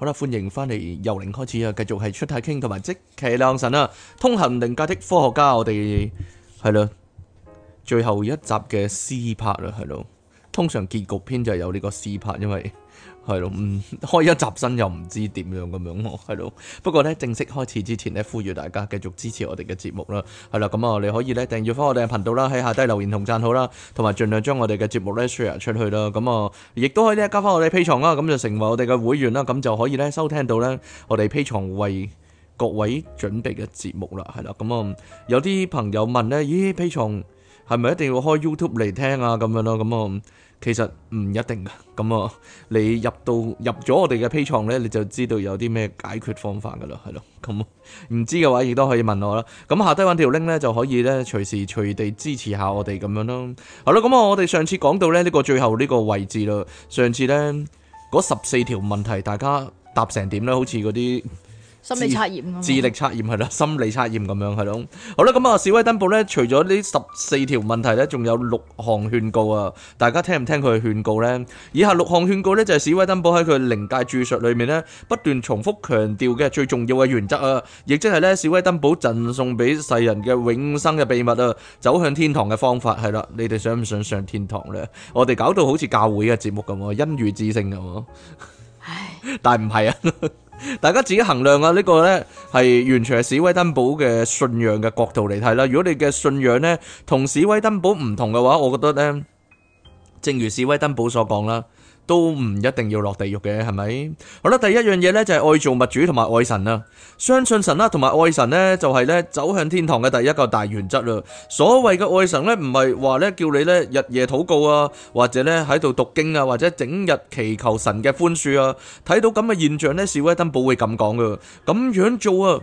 好啦，歡迎翻嚟，由零開始啊，繼續係出太傾同埋積奇亮神啊，通行靈界的科學家，我哋係咯最後一集嘅 C part 啦，係咯，通常結局篇就係有呢個 C part，因為。係咯，嗯，開一集新又唔知點樣咁樣，係咯。不過呢，正式開始之前呢，呼籲大家繼續支持我哋嘅節目啦。係啦，咁、嗯、啊、嗯，你可以呢訂閱翻我哋嘅頻道啦，喺下低留言同讚好啦，同埋盡量將我哋嘅節目呢 share 出去啦。咁、嗯、啊，亦、嗯、都可以呢加翻我哋 P 床啦，咁、嗯、就成為我哋嘅會員啦，咁、嗯、就可以呢收聽到呢我哋 P 床為各位準備嘅節目啦。係啦，咁、嗯、啊、嗯，有啲朋友問呢，咦，P 床係咪一定要開 YouTube 嚟聽啊？咁樣咯，咁、嗯、啊。嗯嗯其實唔一定噶，咁啊，你入到入咗我哋嘅 P 廠咧，你就知道有啲咩解決方法噶啦，係咯，咁唔、啊、知嘅話，亦都可以問我啦。咁、啊、下低揾條 link 咧，就可以咧隨時隨地支持下我哋咁樣咯、啊。好啦，咁啊，我哋上次講到咧呢、這個最後呢個位置咯。上次咧嗰十四條問題，大家答成點咧？好似嗰啲。心理測驗，智力測驗係咯，心理測驗咁樣係咯。好啦，咁、嗯、啊，史威登堡咧，除咗呢十四條問題咧，仲有六項勸告啊。大家聽唔聽佢嘅勸告咧？以下六項勸告咧，就係、是、史威登堡喺佢靈界注述裏面咧，不斷重複強調嘅最重要嘅原則啊。亦即係咧，史威登堡贈送俾世人嘅永生嘅秘密啊，走向天堂嘅方法係啦。你哋想唔想上天堂咧？我哋搞到好似教會嘅節目咁啊，恩雨之聲咁啊。唉，但唔不係啊。 大家自己衡量啊！呢個呢係完全係史威登堡嘅信仰嘅角度嚟睇啦。如果你嘅信仰呢同史威登堡唔同嘅話，我覺得呢，正如史威登堡所講啦。都唔一定要落地獄嘅，係咪？好啦，第一樣嘢咧就係愛造物主同埋愛神啊，相信神啦，同埋愛神咧就係咧走向天堂嘅第一個大原則啦。所謂嘅愛神咧，唔係話咧叫你咧日夜禱告啊，或者咧喺度讀經啊，或者整日祈求神嘅寬恕啊。睇到咁嘅現象咧，史威登堡會咁講噶，咁樣做啊。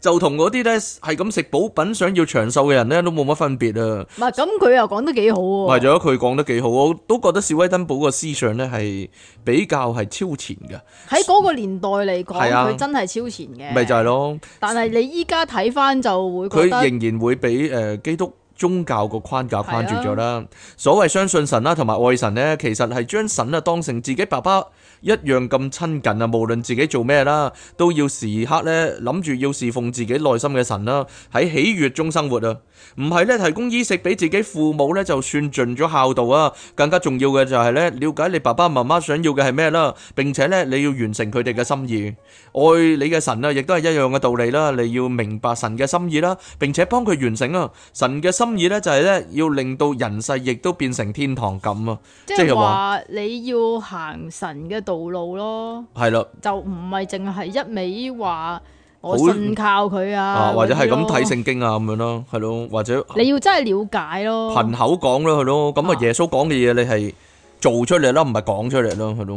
就同嗰啲咧係咁食補品想要長壽嘅人咧、啊，都冇乜分別啊！唔係咁，佢又講得幾好喎。為咗佢講得幾好，我都覺得小威登堡個思想咧係比較係超前嘅。喺嗰個年代嚟講，佢的真係超前嘅。咪就係、是、咯。但係你依家睇翻就會覺得佢仍然會俾誒、呃、基督宗教個框架框住咗啦。的所謂相信神啦，同埋愛神咧，其實係將神啊當成自己爸爸。一樣咁親近啊，無論自己做咩啦，都要時刻咧諗住要侍奉自己內心嘅神啦，喺喜悦中生活啊。唔係咧，提供衣食俾自己父母咧，就算盡咗孝道啊。更加重要嘅就係咧，了解你爸爸媽媽想要嘅係咩啦，並且咧你要完成佢哋嘅心意。愛你嘅神啊，亦都係一樣嘅道理啦。你要明白神嘅心意啦，並且幫佢完成啊。神嘅心意咧就係咧，要令到人世亦都變成天堂咁啊。即係話你要行神嘅。道路咯，係啦，就唔係淨係一味話我信靠佢啊，或者係咁睇聖經啊咁樣咯，係咯，或者你要真係了解咯，憑口講咯係咯，咁啊耶穌講嘅嘢你係做出嚟咯，唔係講出嚟咯係咯，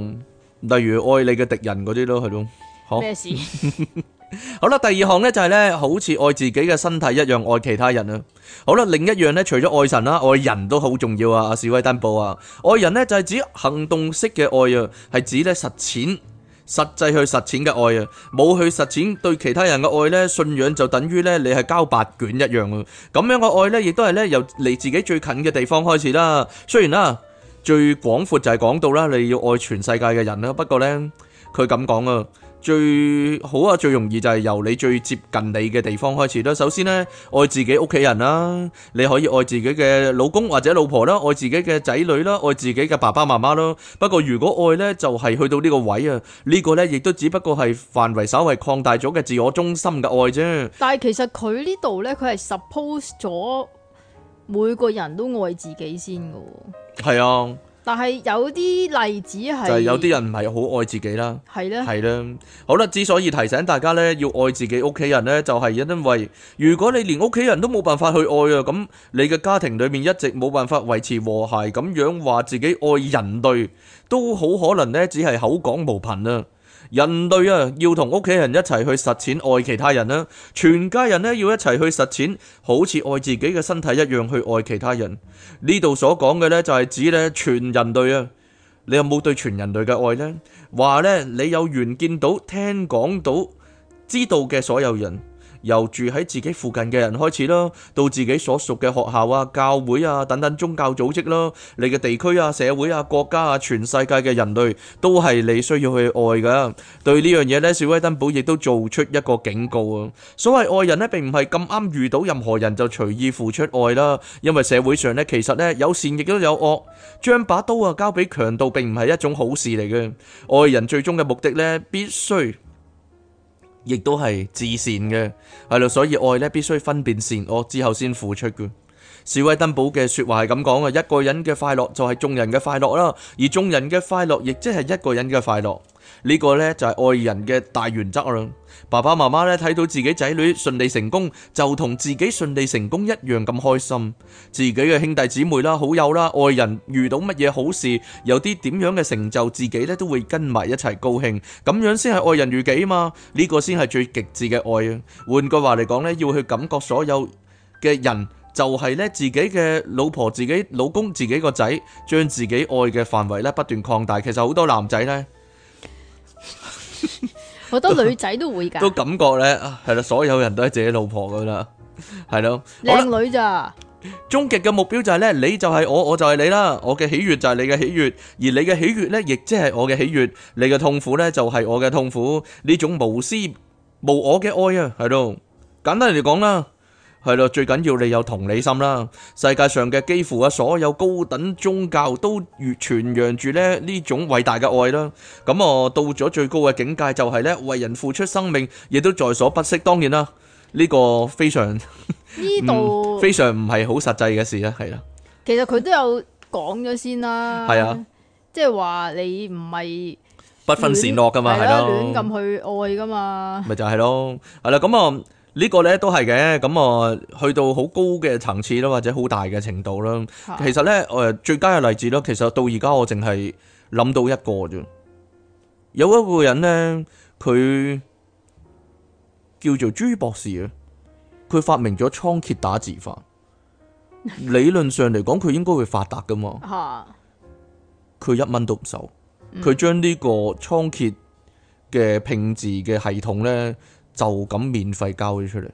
例如愛你嘅敵人嗰啲咯係咯，好咩事。好啦，第二項咧，就係咧，好似愛自己嘅身體一樣愛其他人啊。好啦，另一樣咧，除咗愛神啦，愛人都好重要啊。阿史威登布啊，愛人咧就係指行動式嘅愛啊，係指咧實踐、實際去實踐嘅愛啊。冇去實踐對其他人嘅愛咧，信仰就等於咧你係交白卷一樣啊。咁樣嘅愛咧，亦都係咧由離自己最近嘅地方開始啦。雖然啦，最廣闊就係講到啦，你要愛全世界嘅人啦。不過咧，佢咁講啊。最好啊，最容易就係由你最接近你嘅地方開始啦。首先呢，愛自己屋企人啦，你可以愛自己嘅老公或者老婆啦，愛自己嘅仔女啦，愛自己嘅爸爸媽媽咯。不過如果愛呢，就係去到呢個位啊，呢個呢亦都只不過係範圍稍微擴大咗嘅自我中心嘅愛啫。但係其實佢呢度呢，佢係 suppose 咗每個人都愛自己先嘅。係啊。但係有啲例子係，就係有啲人唔係好愛自己啦，係啦的，係啦。好啦，之所以提醒大家呢，要愛自己屋企人呢，就係因為如果你連屋企人都冇辦法去愛啊，咁你嘅家庭裏面一直冇辦法維持和諧，咁樣話自己愛人類，都好可能呢，只係口講無憑啊。人類啊，要同屋企人一齊去實踐愛其他人啊。全家人呢，要一齊去實踐，好似愛自己嘅身體一樣去愛其他人。呢度所講嘅呢，就係指呢全人類啊。你有冇對全人類嘅愛呢？話呢，你有緣見到、聽講到、知道嘅所有人。由住喺自己附近嘅人開始啦，到自己所屬嘅學校啊、教會啊等等宗教組織啦，你嘅地區啊、社會啊、國家啊、全世界嘅人類都係你需要去愛嘅。對呢樣嘢咧，史威登堡亦都做出一個警告啊。所謂愛人咧，並唔係咁啱遇到任何人就隨意付出愛啦。因為社會上咧，其實咧有善亦都有惡，將把刀啊交俾強盜並唔係一種好事嚟嘅。愛人最終嘅目的咧，必須，亦都係自善嘅，係咯，所以愛咧必須分辨善惡之後先付出嘅。史威登堡嘅説話係咁講啊，一個人嘅快樂就係眾人嘅快樂啦，而眾人嘅快樂亦即係一個人嘅快樂。呢個呢，就係愛人嘅大原則啦。爸爸媽媽呢，睇到自己仔女順利成功，就同自己順利成功一樣咁開心。自己嘅兄弟姊妹啦、好友啦、愛人遇到乜嘢好事，有啲點樣嘅成就，自己呢都會跟埋一齊高興。咁樣先係愛人如己嘛。呢個先係最極致嘅愛啊。換句話嚟講呢，要去感覺所有嘅人就係呢自己嘅老婆、自己老公、自己個仔，將自己愛嘅範圍呢不斷擴大。其實好多男仔呢。好多女仔都會噶，都感覺咧，係啦，所有人都係自己老婆噶啦，係咯，靚女咋？終極嘅目標就係咧，你就係我，我就係你啦，我嘅喜悅就係你嘅喜悅，而你嘅喜悅咧，亦即係我嘅喜悅，你嘅痛苦咧就係我嘅痛苦，呢種無私無我嘅愛啊，係咯，簡單嚟講啦。係咯，最緊要你有同理心啦。世界上嘅幾乎啊所有高等宗教都越傳揚住咧呢種偉大嘅愛啦。咁啊到咗最高嘅境界就係咧，為人付出生命，亦都在所不惜。當然啦，呢個非常呢度非常唔係好實際嘅事啦。係啦，其實佢都有講咗先啦。係啊，即係話你唔係不分善惡噶嘛，係啦，亂咁去愛噶嘛，咪就係咯。係啦，咁啊。呢個呢都係嘅，咁、嗯、啊去到好高嘅層次啦，或者好大嘅程度啦。 其實呢，我、呃、最佳嘅例子咯，其實到而家我淨係諗到一個啫。有一個人呢，佢叫做朱博士啊，佢發明咗倉頡打字法。 理論上嚟講，佢應該會發達噶嘛。佢 一蚊都唔收，佢將呢個倉頡嘅拼字嘅系統呢，就咁免費交咗出嚟，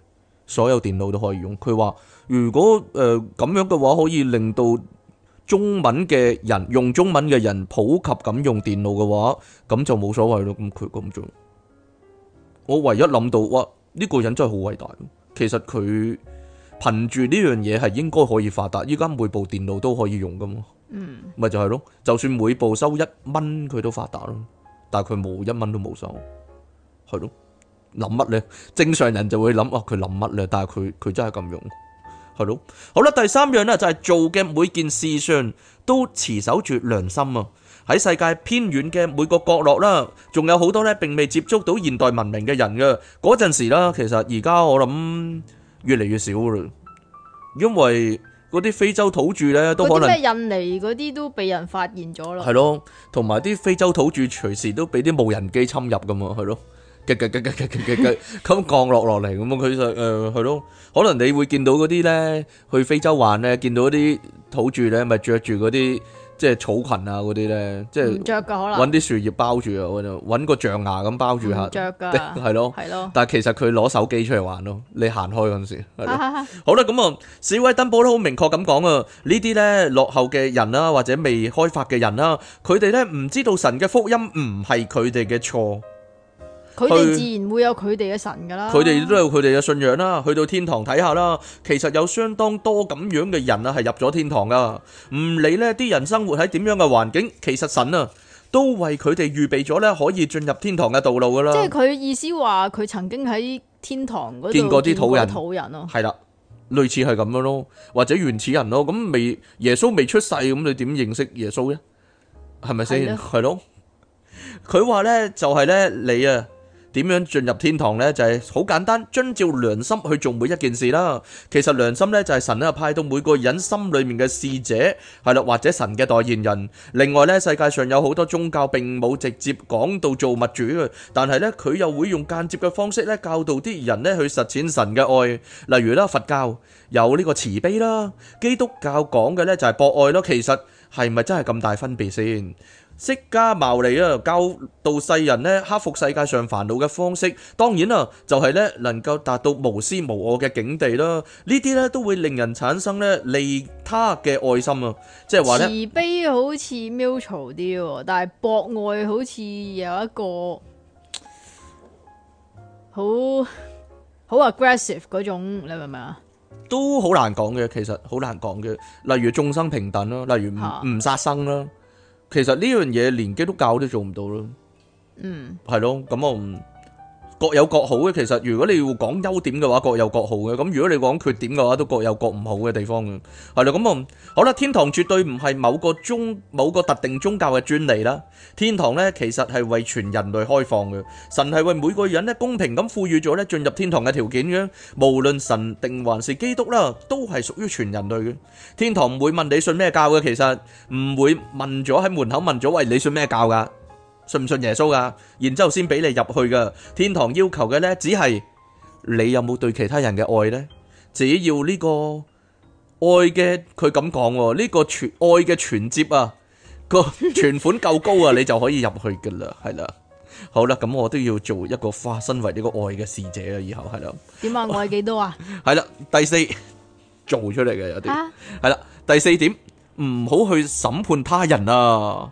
所有電腦都可以用。佢話：如果誒咁、呃、樣嘅話，可以令到中文嘅人用中文嘅人普及咁用電腦嘅話，咁就冇所謂咯。咁佢咁做，我唯一諗到哇，呢、這個人真係好偉大咯。其實佢憑住呢樣嘢係應該可以發達。依家每部電腦都可以用噶嘛，咪、嗯、就係咯。就算每部收一蚊，佢都發達咯。但係佢冇一蚊都冇收，係咯。諗乜咧？正常人就會諗，哦，佢諗乜咧？但係佢佢真係咁用，係咯。好啦，第三樣咧就係做嘅每件事上都持守住良心啊！喺世界偏遠嘅每個角落啦，仲有好多咧，並未接觸到現代文明嘅人嘅嗰陣時啦。其實而家我諗越嚟越少啦，因為嗰啲非洲土著咧都可能即係印尼嗰啲都俾人發現咗咯，係咯。同埋啲非洲土著隨時都俾啲無人機侵入㗎嘛，係咯。嘅咁 降落落嚟，咁佢就誒係咯，可能你會見到嗰啲咧去非洲玩咧，見到啲土著咧，咪着住嗰啲即係草裙啊嗰啲咧，即係着噶可能搵啲樹葉包住啊，搵個象牙咁包住下着噶係咯係咯，但係其實佢攞手機出嚟玩咯，你行開嗰陣時係咯，好啦咁啊，史威登堡都好明確咁講啊，呢啲咧落後嘅人啦，或者未開發嘅人啦，佢哋咧唔知道神嘅福音唔係佢哋嘅錯。佢哋自然會有佢哋嘅神噶啦，佢哋都有佢哋嘅信仰啦。去到天堂睇下啦，其實有相當多咁樣嘅人啊，係入咗天堂噶。唔理呢啲人生活喺點樣嘅環境，其實神啊都為佢哋預備咗呢可以進入天堂嘅道路噶啦。即係佢意思話，佢曾經喺天堂嗰度見過啲土人，土人咯，係啦，類似係咁樣咯，或者原始人咯。咁未耶穌未出世，咁你點認識耶穌呢？係咪先？係了咯。佢話呢，就係呢，你啊。點樣進入天堂呢？就係好簡單，遵照良心去做每一件事啦。其實良心呢就係神呢派到每個人心裏面嘅使者，係啦，或者神嘅代言人。另外呢，世界上有好多宗教並冇直接講到造物主嘅，但係呢佢又會用間接嘅方式呢教導啲人呢去實踐神嘅愛。例如啦，佛教有呢個慈悲啦，基督教講嘅呢就係博愛咯。其實係咪真係咁大分別先？釋迦牟尼啊，教導世人咧克服世界上煩惱嘅方式，當然啦，就係咧能夠達到無私無我嘅境地啦。呢啲咧都會令人產生咧利他嘅愛心啊，即係話咧慈悲好似 mutual 啲，但係博愛好似有一個好好 aggressive 嗰種，你明唔明啊？都好難講嘅，其實好難講嘅。例如眾生平等啦，例如唔唔殺生啦。其實呢樣嘢連基督教都做唔到囉，嗯，係囉，噉我唔。各有各好嘅，其實如果你要講優點嘅話，各有各好嘅。咁如果你講缺點嘅話，都各有各唔好嘅地方嘅。係啦，咁啊，好啦，天堂絕對唔係某個宗某個特定宗教嘅專利啦。天堂咧，其實係為全人類開放嘅。神係為每個人咧公平咁賦予咗咧進入天堂嘅條件嘅。無論神定還是基督啦，都係屬於全人類嘅。天堂唔會問你信咩教嘅，其實唔會問咗喺門口問咗喂，你信咩教㗎？信唔信耶穌噶？然之後先俾你入去噶。天堂要求嘅咧，只係你有冇對其他人嘅愛咧？只要呢個愛嘅，佢咁講呢個存愛嘅存折啊，個存款夠高啊，你就可以入去噶啦，係啦。好啦，咁我都要做一個化身為呢個愛嘅使者啦，以後係啦。點啊？愛幾多啊？係啦，第四做出嚟嘅，有啲係啦，第四點唔好去審判他人啊。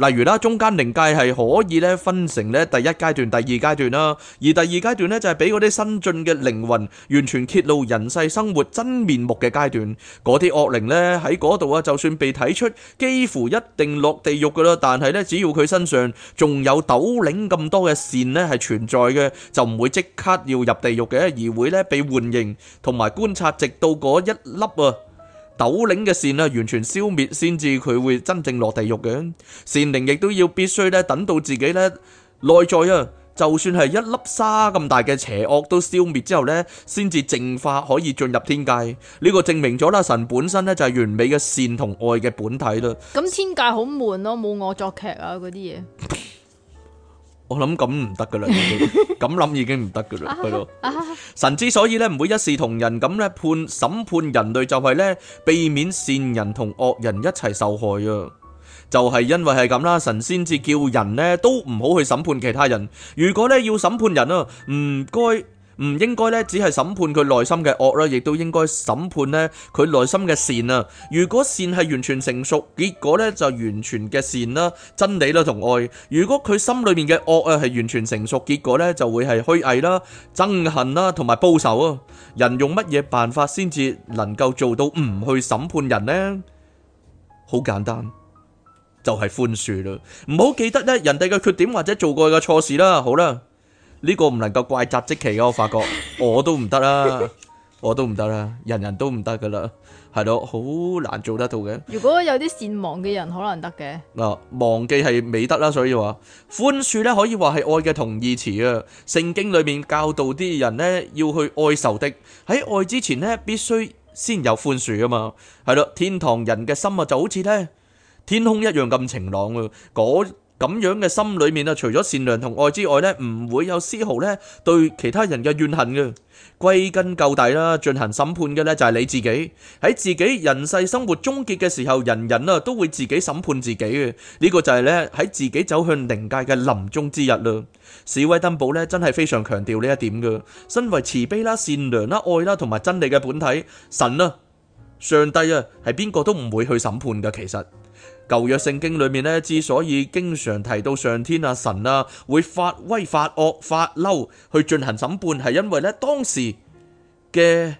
例如啦，中間靈界係可以咧分成咧第一階段、第二階段啦。而第二階段咧就係俾嗰啲新進嘅靈魂完全揭露人世生活真面目嘅階段。嗰啲惡靈咧喺嗰度啊，就算被睇出，幾乎一定落地獄噶啦。但係咧，只要佢身上仲有斗零咁多嘅線咧係存在嘅，就唔會即刻要入地獄嘅，而會咧被緩刑同埋觀察，直到嗰一粒啊。斗靈嘅善啦，線完全消滅先至，佢會真正落地獄嘅善靈，亦都要必須咧，等到自己咧內在啊，就算係一粒沙咁大嘅邪惡都消滅之後咧，先至淨化可以進入天界。呢個證明咗啦，神本身咧就係完美嘅善同愛嘅本體咯。咁天界好悶咯，冇我作劇啊嗰啲嘢。 我諗咁唔得噶啦，咁諗 已經唔得噶啦，係咯。 神之所以咧唔會一視同仁咁咧判審判人類就，就係咧避免善人同惡人一齊受害啊。就係、是、因為係咁啦，神先至叫人咧都唔好去審判其他人。如果咧要審判人啊，唔該。唔應該咧，只係審判佢內心嘅惡啦，亦都應該審判呢佢內心嘅善啊！如果善係完全成熟，結果呢就完全嘅善啦、真理啦同愛；如果佢心裏面嘅惡啊係完全成熟，結果呢就會係虛偽啦、憎恨啦同埋報仇啊！人用乜嘢辦法先至能夠做到唔去審判人呢？好簡單，就係寬恕啦！唔好記得呢人哋嘅缺點或者做過嘅錯事啦。好啦。呢個唔能夠怪扎積奇嘅，我發覺我都唔得啦，我都唔得啦，人人都唔得噶啦，係咯，好難做得到嘅。如果有啲善忘嘅人，可能得嘅。嗱，忘記係美德啦，所以話寬恕咧，可以話係愛嘅同義詞啊。聖經裏面教導啲人咧，要去愛仇敵，喺愛之前咧，必須先有寬恕啊嘛。係咯，天堂人嘅心啊，就好似咧天空一樣咁晴朗啊，嗰。咁樣嘅心裏面啊，除咗善良同愛之外咧，唔會有絲毫咧對其他人嘅怨恨嘅。歸根究底啦，進行審判嘅咧就係你自己。喺自己人世生活終結嘅時候，人人啊都會自己審判自己嘅。呢個就係咧喺自己走向靈界嘅臨終之日啦。史威登堡咧真係非常強調呢一點嘅。身為慈悲啦、善良啦、愛啦同埋真理嘅本體神啊，上帝啊，係邊個都唔會去審判嘅。其實。舊約聖經裏面咧，之所以經常提到上天啊、神啊，會發威、發惡、發嬲去進行審判，係因為咧當時嘅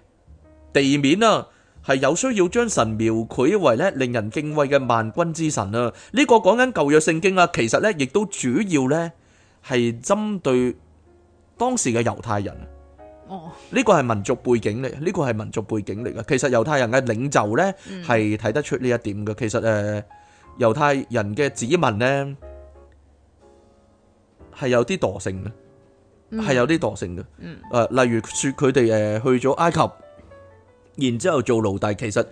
地面啊，係有需要將神描繪為咧令人敬畏嘅萬軍之神啊。呢個講緊舊約聖經啊，其實咧亦都主要咧係針對當時嘅猶太人。哦，呢個係民族背景嚟，呢個係民族背景嚟嘅。其實猶太人嘅領袖咧係睇得出呢一點嘅。其實誒。猶太人嘅指紋咧係有啲惰性嘅，係、嗯、有啲惰性嘅。誒、嗯呃，例如説佢哋誒去咗埃及，然之後做奴隸，其實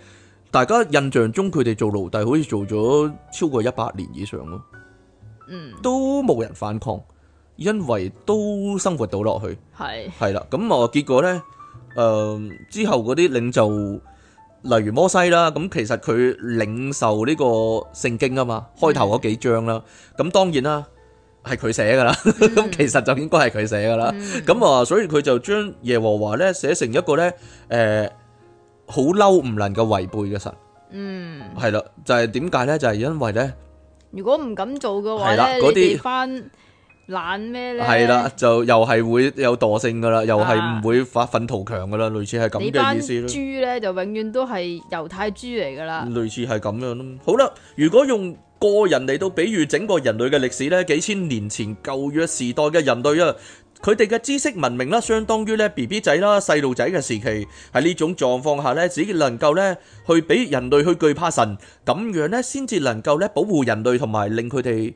大家印象中佢哋做奴隸好似做咗超過一百年以上咯。嗯，都冇人反抗，因為都生活到落去。係係啦，咁我、嗯、結果咧，誒、呃、之後嗰啲領袖。例如摩西啦，咁其實佢領受呢個聖經啊嘛，開頭嗰幾章啦，咁、嗯、當然啦係佢寫噶啦，咁、嗯、其實就應該係佢寫噶啦，咁啊、嗯、所以佢就將耶和華咧寫成一個咧誒好嬲唔能夠違背嘅神，嗯，係啦，就係點解咧？就係、是、因為咧，如果唔敢做嘅話咧，你哋翻。懶咩咧？係啦，就又係會有惰性噶啦，又係唔會發奮圖強噶啦，類似係咁嘅意思咯。豬咧就永遠都係猶太豬嚟噶啦。類似係咁樣咯。好啦，如果用個人嚟到比喻整個人類嘅歷史咧，幾千年前舊約時代嘅人類啊，佢哋嘅知識文明啦，相當於咧 BB 仔啦，細路仔嘅時期，喺呢種狀況下咧，只能夠咧去俾人類去懼怕神，咁樣咧先至能夠咧保護人類同埋令佢哋。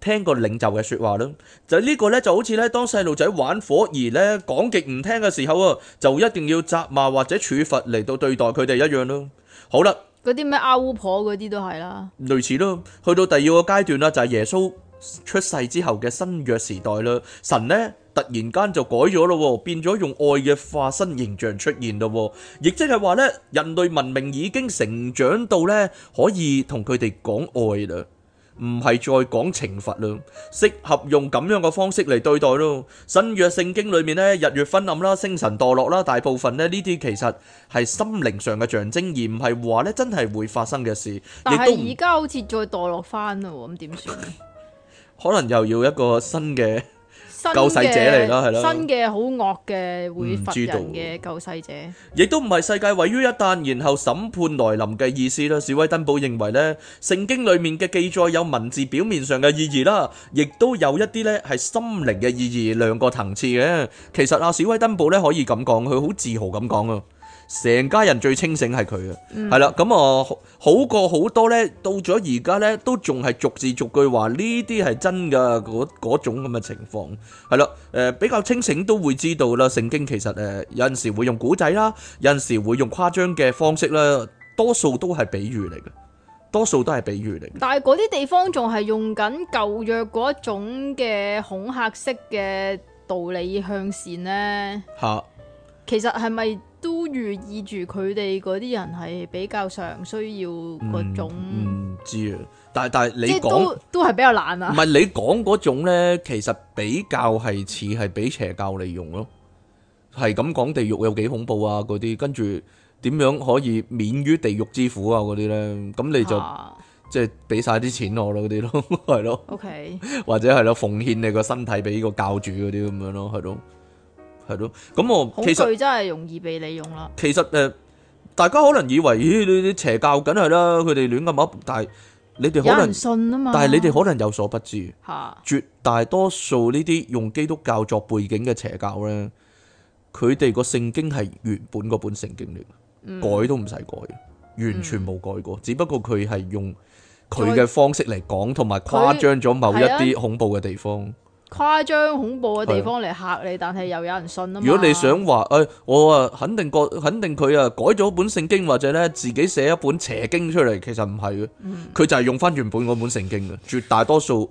聽過領袖嘅說話咯，就呢個咧就好似咧當細路仔玩火而咧講極唔聽嘅時候啊，就一定要責罵或者處罰嚟到對待佢哋一樣咯。好啦，嗰啲咩阿烏婆嗰啲都係啦，類似咯。去到第二個階段啦，就係耶穌出世之後嘅新約時代啦。神咧突然間就改咗咯，變咗用愛嘅化身形象出現咯，亦即係話咧人類文明已經成長到咧可以同佢哋講愛啦。唔係再講懲罰咯，適合用咁樣嘅方式嚟對待咯。新約聖經裏面呢，日月昏暗啦，星辰墮落啦，大部分呢，呢啲其實係心靈上嘅象徵，而唔係話呢真係會發生嘅事。但係而家好似再墮落翻啦，咁點算？ 可能又要一個新嘅。救世者嚟啦，係啦，新嘅好惡嘅會罰人嘅救世者，亦都唔係世界毀於一旦，然後審判來臨嘅意思啦。史威登堡認為咧，聖經裏面嘅記載有文字表面上嘅意義啦，亦都有一啲咧係心靈嘅意義，兩個層次嘅。其實阿史威登堡咧可以咁講，佢好自豪咁講啊。成家人最清醒係佢嘅，係啦、嗯，咁啊、嗯、好過好多呢。到咗而家呢，都仲係逐字逐句話呢啲係真嘅，嗰嗰種咁嘅情況係啦。誒、呃，比較清醒都會知道啦。聖經其實誒、呃，有陣時會用古仔啦,有陣時會用誇張嘅方式啦，多數都係比喻嚟嘅，多數都係比喻嚟嘅。但係嗰啲地方仲係用緊舊約嗰一種嘅恐嚇式嘅道理向善呢。吓哈，其實係咪？都預意住佢哋嗰啲人係比較常需要嗰種、嗯，唔、嗯、知啊！但係但係你即都都係比較難啊！唔係你講嗰種咧，其實比較係似係俾邪教利用咯，係咁講地獄有幾恐怖啊嗰啲，跟住點樣可以免於地獄之苦啊嗰啲咧？咁你就、啊、即係俾晒啲錢我咯，嗰啲咯，係咯，OK，或者係咯，奉獻你個身體俾個教主嗰啲咁樣咯，係咯。係咯，咁我其實真係容易被利用啦。其實誒、呃，大家可能以為咦，呢啲邪教梗係啦，佢哋亂咁噏，但係你哋可能信啊嘛。但係你哋可能有所不知，吓的，絕大多數呢啲用基督教作背景嘅邪教咧，佢哋個聖經係原本嗰本聖經嚟，嗯、改都唔使改，完全冇改過，嗯、只不過佢係用佢嘅方式嚟講，同埋誇張咗某一啲恐怖嘅地方。嗯誇張恐怖嘅地方嚟嚇你，是的 但係又有人信啊嘛！如果你想話誒、哎，我啊肯定覺肯定佢啊改咗本聖經或者咧自己寫一本邪經出嚟，其實唔係嘅，佢就係用翻原本嗰本聖經嘅，絕大多數。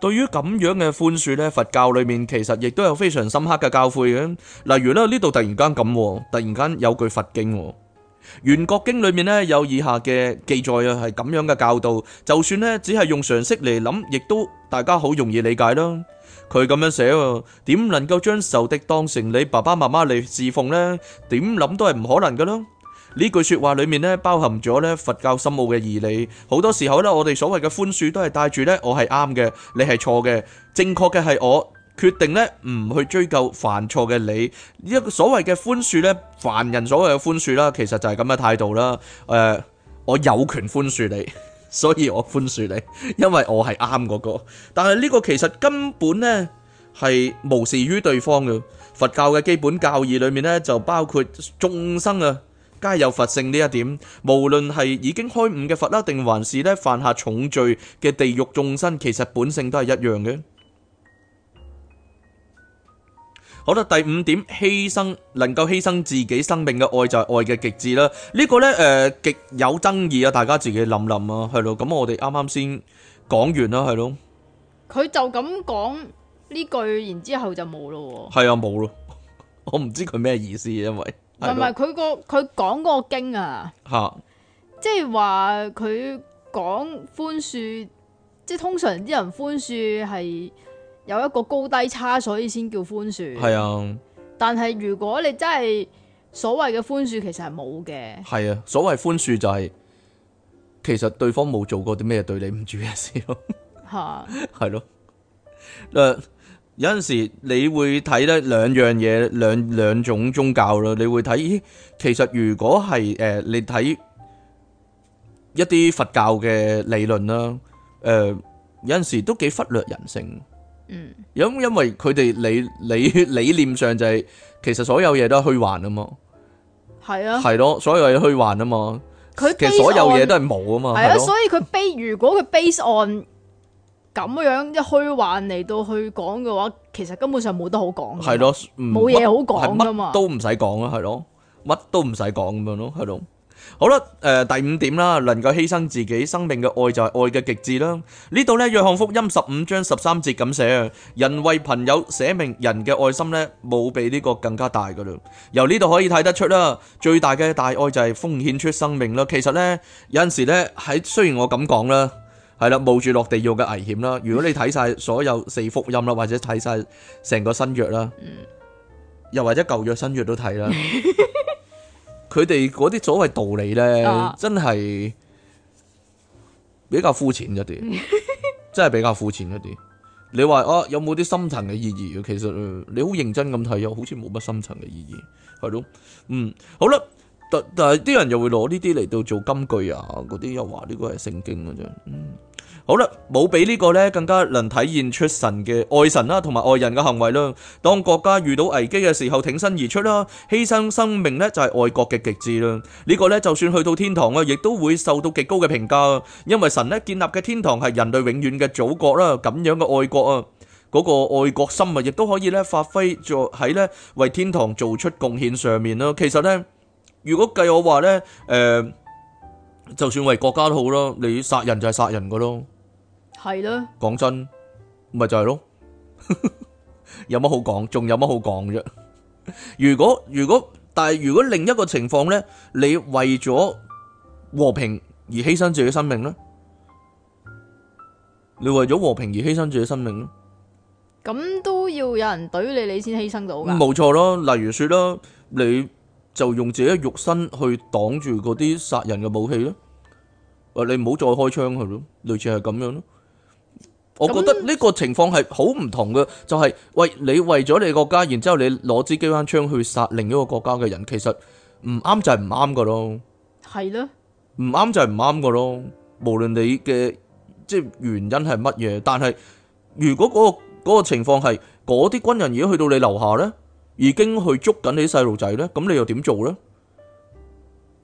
對於咁樣嘅寬恕咧，佛教裏面其實亦都有非常深刻嘅教誨嘅。例如咧，呢度突然間咁，突然間有句佛經《圓覺經》裏面咧有以下嘅記載啊，係咁樣嘅教導。就算咧只係用常識嚟諗，亦都大家好容易理解咯。佢咁樣寫，點能夠將仇敵當成你爸爸媽媽嚟侍奉咧？點諗都係唔可能噶咯。呢句說話裏面咧，包含咗咧佛教深奧嘅義理。好多時候咧，我哋所謂嘅寬恕都係帶住咧，我係啱嘅，你係錯嘅，正確嘅係我決定咧唔去追究犯錯嘅你。呢一個所謂嘅寬恕咧，凡人所謂嘅寬恕啦，其實就係咁嘅態度啦。誒、呃，我有權寬恕你，所以我寬恕你，因為我係啱嗰個。但係呢個其實根本咧係無視於對方嘅。佛教嘅基本教義裏面咧，就包括眾生啊。皆有佛性呢一點，無論係已經開悟嘅佛啦，定還是咧犯下重罪嘅地獄眾生，其實本性都係一樣嘅。 好啦，第五點，犧牲能夠犧牲自己生命嘅愛就係、是、愛嘅極致啦。呢、這個呢、誒、呃、極有爭議啊，大家自己諗諗啊，係咯。咁我哋啱啱先講完啦，係咯。佢就咁講呢句，然之後就冇咯。係啊，冇咯。我唔知佢咩意思，因為。同埋佢，個佢講個經啊，啊即係話佢講寬恕，即係通常啲人寬恕係有一個高低差，所以先叫寬恕。係啊，但係如果你真係所謂嘅寬恕，其實係冇嘅。係啊，所謂寬恕就係、是、其實對方冇做過啲咩對你唔住嘅事咯。吓、 啊，係咯、 啊，誒。有陣時你會睇得兩樣嘢，兩兩種宗教咯。你會睇，其實如果係誒，你睇一啲佛教嘅理論啦，誒有陣時都幾忽略人性。嗯，因因為佢哋理理理念上就係，其實所有嘢都係虛幻啊嘛。係啊，係咯，所有嘢虛幻啊嘛。佢其實所有嘢都係冇啊嘛。係啊，所以佢 base，如果佢 base on。咁樣一虛幻嚟到去講嘅話，其實根本上冇得好講嘅，係咯，冇嘢好講噶嘛，都唔使講咯，係咯，乜都唔使講咁樣咯，係咯，好啦，誒，第五點啦，能夠犧牲自己生命嘅愛就係愛嘅極致啦。呢度咧，約翰福音十五章十三節咁寫啊，人為朋友捨命，人嘅愛心咧冇比呢個更加大噶啦。由呢度可以睇得出啦，最大嘅大愛就係奉獻出生命啦。其實咧，有陣時咧喺雖然我咁講啦。係啦，冒住落地獄嘅危險啦！如果你睇晒所有四福音啦，或者睇晒成個新約啦，又或者舊約新約都睇啦，佢哋嗰啲所謂道理咧， 真係比較膚淺一啲，真係比較膚淺一啲。你話啊，有冇啲深層嘅意義？其實你好認真咁睇，又好似冇乜深層嘅意義，係咯。嗯，好啦。但係啲人又會攞呢啲嚟到做金句啊，嗰啲又話呢個係聖經嘅啫。嗯，好啦，冇比呢個咧更加能體現出神嘅愛神啦，同埋愛人嘅行為啦。當國家遇到危機嘅時候，挺身而出啦，犧牲生命咧就係愛國嘅極致啦。呢個咧就算去到天堂啊，亦都會受到極高嘅評價，因為神咧建立嘅天堂係人類永遠嘅祖國啦。咁樣嘅愛國啊，嗰個愛國心啊，亦都可以咧發揮咗喺咧為天堂做出貢獻上面啦。其實咧。如果計我話咧，誒，就算為國家都好啦，你殺人就係殺人噶咯，係咯。講真，咪就係咯，有乜好講？仲有乜好講啫？如果如果，但係如果另一個情況咧，你為咗和平而犧牲自己生命咧，你為咗和平而犧牲自己生命咧，咁都要有人懟你，你先犧牲到噶。冇錯咯，例如說啦，你。就用自己肉身去擋住嗰啲殺人嘅武器咯，誒，你唔好再開槍佢咯，類似係咁樣咯。我覺得呢個情況係好唔同嘅，就係喂，你為咗你國家，然之後你攞支機關槍去殺另一個國家嘅人，其實唔啱就係唔啱㗎咯。係咯，唔啱就係唔啱㗎咯。無論你嘅即係原因係乜嘢，但係如果嗰個嗰個情況係嗰啲軍人如果去到你樓下咧？已經去捉緊你細路仔咧，咁你又點做咧？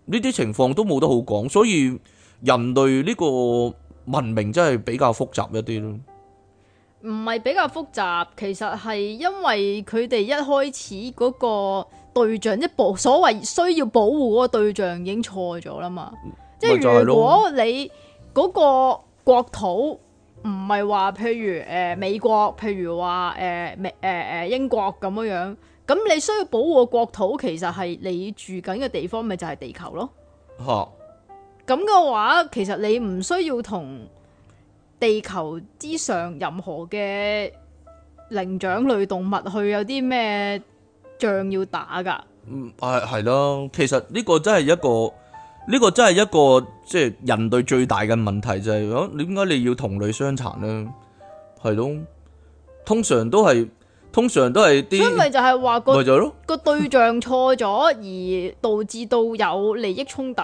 呢啲情況都冇得好講，所以人類呢個文明真係比較複雜一啲咯。唔係比較複雜，其實係因為佢哋一開始嗰個對象，即係保所謂需要保護嗰個對象已經錯咗啦嘛。即係如果你嗰個國土唔係話，譬如誒美國，譬如話誒美誒誒英國咁樣樣。咁你需要保護國土，其實係你住緊嘅地方，咪就係、是、地球咯。吓，咁嘅話，其實你唔需要同地球之上任何嘅靈長類動物去有啲咩仗要打噶。嗯，係係咯，其實呢個真係一個，呢、這個真係一個即係、就是、人類最大嘅問題就係、是，點、啊、解你要同類相殘咧？係咯，通常都係。通常都係啲，因為咪就係話個個對象錯咗，而導致到有利益衝突，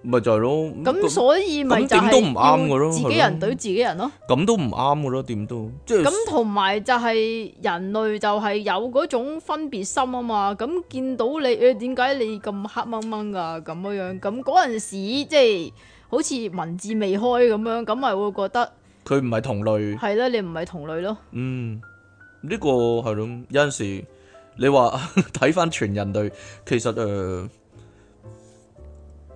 咪就係咯。咁那所以咪那就係自己人懟自己人咯。咁都唔啱噶咯？點都即係。咁同埋就係人類就係有嗰種分別心啊嘛。咁見到你誒，呃，點解你咁黑掹掹噶？咁樣樣咁嗰陣時即係好似文字未開咁樣，咁咪會覺得佢唔係同類。係啦，你唔係同類咯。嗯。呢個係咯，有陣時你話睇翻全人類，其實誒，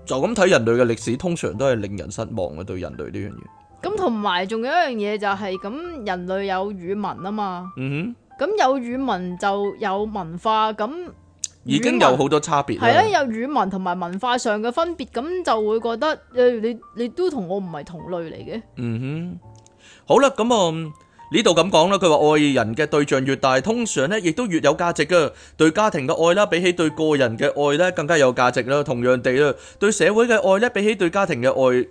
就咁睇人類嘅歷史，通常都係令人失望嘅，對人類呢樣嘢。咁同埋仲有一樣嘢就係，咁人類有語文啊嘛，嗯哼，咁有語文就有文化，咁已經有好多差別，係啊，有語文同埋文化上嘅分別，咁就會覺得誒，你你都同我唔係同類嚟嘅。嗯哼，好啦，咁啊。呢度咁講啦，佢話愛人嘅對象越大，通常咧亦都越有價值嘅。對家庭嘅愛啦，比起對個人嘅愛咧，更加有價值啦。同樣地啊，對社會嘅愛咧，比起對家庭嘅愛。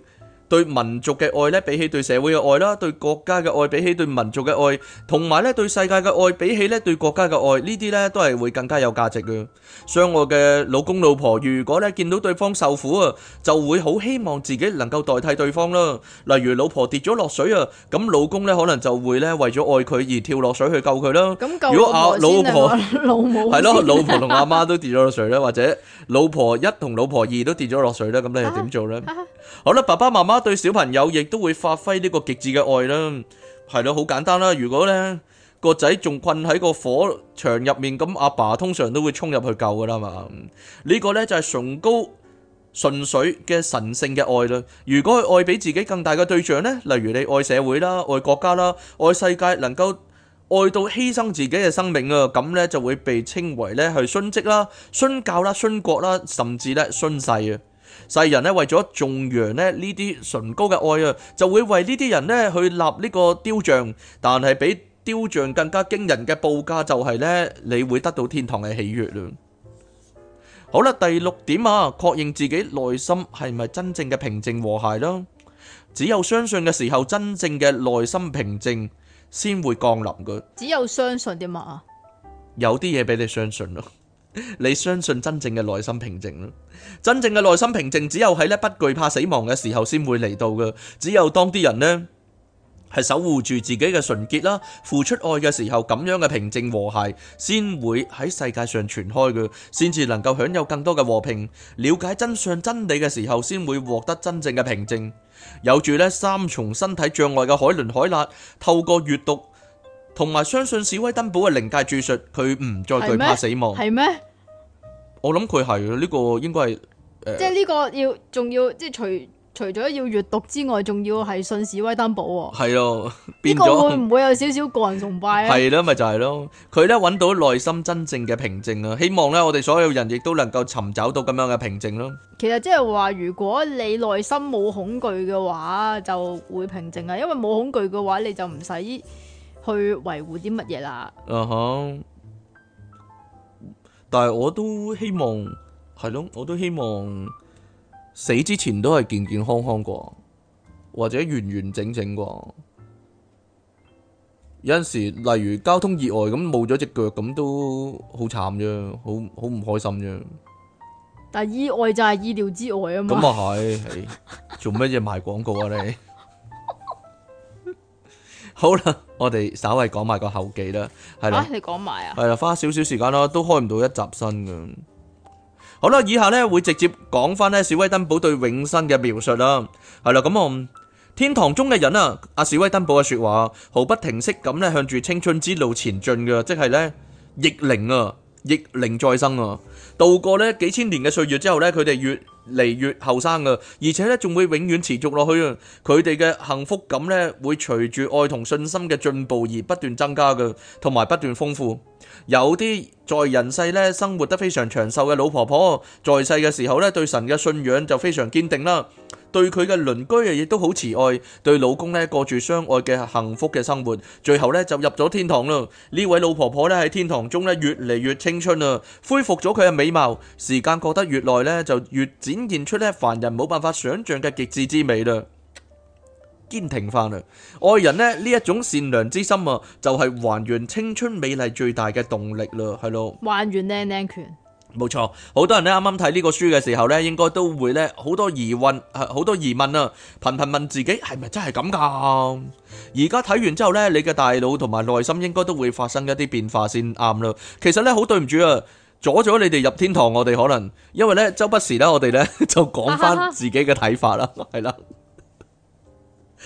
對民族嘅愛咧，比起對社會嘅愛啦，對國家嘅愛比起對民族嘅愛，同埋咧對世界嘅愛比起咧對國家嘅愛，呢啲咧都係會更加有價值嘅。相愛嘅老公老婆，如果咧見到對方受苦啊，就會好希望自己能夠代替對方啦。例如老婆跌咗落水啊，咁老公咧可能就會咧為咗愛佢而跳落水去救佢啦。咁救老婆先啊？老母係咯，老婆同阿媽都跌咗落水啦，或者老婆一同老婆二都跌咗落水啦，咁你又點做咧？好啦，爸爸媽媽。對小朋友亦都會發揮呢個極致嘅愛啦，係咯，好簡單啦。如果呢個仔仲困喺個火場入面，咁阿爸，爸通常都會衝入去救噶啦嘛。呢、嗯，這個呢，就係、是、崇高純粹嘅神聖嘅愛啦。如果愛比自己更大嘅對象呢，例如你愛社會啦、愛國家啦、愛世界，能夠愛到犧牲自己嘅生命啊，咁呢就會被稱為呢係殉職啦、殉教啦、殉國啦，甚至呢，殉世啊。世人咧，為咗頌揚咧，呢啲崇高嘅愛啊，就會為呢啲人咧去立呢個雕像。但係比雕像更加驚人嘅報價就係咧，你會得到天堂嘅喜悦啦。好啦，第六點啊，確認自己內心係咪真正嘅平靜和諧啦。只有相信嘅時候，真正嘅內心平靜先會降臨嘅。只有相信啲乜啊？有啲嘢俾你相信咯。你相信真正嘅內心平靜？真正嘅內心平靜只有喺呢不懼怕死亡嘅時候先會嚟到嘅，只有當啲人呢，係守護住自己嘅純潔啦，付出愛嘅時候，咁樣嘅平靜和諧先會喺世界上傳開嘅，先至能夠享有更多嘅和平。了解真相真理嘅時候，先會獲得真正嘅平靜。有住呢三重身體障礙嘅海倫凱勒，透過閱讀。同埋相信史威登堡嘅靈界注述，佢唔再懼怕死亡。係咩嗎？我諗佢係呢個應該係、呃、即係呢個要仲要即係除除咗要閱讀之外，仲要係信史威登堡。係咯，呢個會唔會有少少個人崇拜咧？係咯， 咪就係、是、咯。佢呢搵到內心真正嘅平靜啊。希望呢，我哋所有人亦都能夠尋找到咁樣嘅平靜咯。其實即係話，如果你內心冇恐懼嘅話，就會平靜啊。因為冇恐懼嘅話，你就唔使。去維護啲乜嘢啦。Uh huh. 但係我都希望係咯，我都希望死之前都係健健康康過，或者完完整整過。有陣時，例如交通意外咁，冇咗隻腳咁，都好慘啫，好好唔開心啫。但意外就係意料之外啊嘛。咁啊係，做乜嘢賣廣告啊你？ 好啦，我哋稍微講埋個後記啦，係啦，你講埋啊，係啦，花少少時間咯，都開唔到一集新嘅。好啦，以下咧會直接講翻咧，史威登堡對永生嘅描述啦，係啦，咁啊天堂中嘅人啊，阿史威登堡嘅說話，毫不停息咁咧向住青春之路前進嘅，即係咧逆齡啊，逆齡再生啊，渡過咧幾千年嘅歲月之後咧，佢哋越嚟越後生嘅，而且仲會永遠持續落去啊！佢哋嘅幸福感呢，會隨住愛同信心嘅進步而不斷增加嘅，同埋不斷豐富。有啲在人世咧，生活得非常長壽嘅老婆婆，在世嘅時候咧，對神嘅信仰就非常堅定啦。對佢嘅鄰居啊，亦都好慈愛。對老公咧，過住相愛嘅幸福嘅生活。最後咧，就入咗天堂啦。呢位老婆婆咧，喺天堂中咧，越嚟越青春啦，恢復咗佢嘅美貌。時間過得越耐咧，就越展現出咧凡人冇辦法想象嘅極致之美啦。堅挺翻嚟愛人呢，呢一種善良之心啊，就係、是、還原青春美麗最大嘅動力啦，係咯。還原靚靚拳。冇錯，好多人呢，啱啱睇呢個書嘅時候呢，應該都會呢，好多疑問，好多疑問啊，頻頻問自己係咪真係咁噶？而家睇完之後呢，你嘅大腦同埋內心應該都會發生一啲變化先啱啦。其實呢，好對唔住啊，阻咗你哋入天堂，我哋可能因為呢，周不時呢，我哋呢，就講翻自己嘅睇法啦，係啦。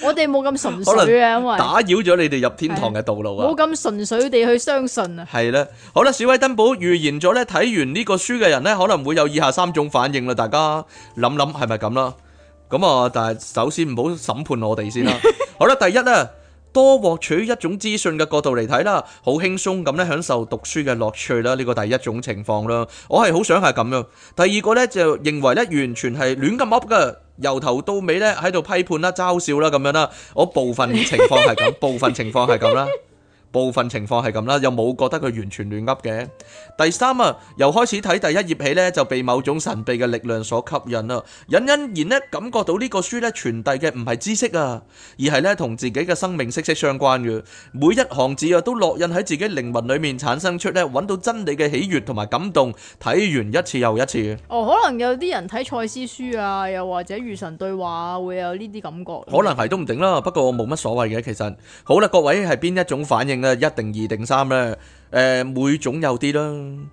我哋冇咁純粹啊，因為打擾咗你哋入天堂嘅道路啊！冇咁純粹地去相信啊！係啦，好啦，史威登堡預言咗咧，睇完呢個書嘅人咧，可能會有以下三種反應啦。大家諗諗係咪咁啦？咁啊，但係首先唔好審判我哋先啦。 好啦，第一咧。多獲取一種資訊嘅角度嚟睇啦，好輕鬆咁咧享受讀書嘅樂趣啦，呢個第一種情況啦，我係好想係咁樣。第二個呢，就認為呢完全係亂咁噏㗎，由頭到尾呢喺度批判啦、嘲笑啦咁樣啦，我部分情況係咁，部分情況係咁啦。 部分情況係咁啦，又冇覺得佢完全亂噏嘅。第三啊，由開始睇第一頁起呢，就被某種神秘嘅力量所吸引啦，隱隱然呢感覺到呢個書呢傳遞嘅唔係知識啊，而係呢同自己嘅生命息息相關嘅。每一行字啊都烙印喺自己靈魂裡面，產生出呢揾到真理嘅喜悅同埋感動，睇完一次又一次。哦，可能有啲人睇賽斯書啊，又或者與神對話啊，會有呢啲感覺。可能係都唔定啦，不過我冇乜所謂嘅，其實好啦，各位係邊一種反應？一定二定三咧，誒、呃，每種有啲啦，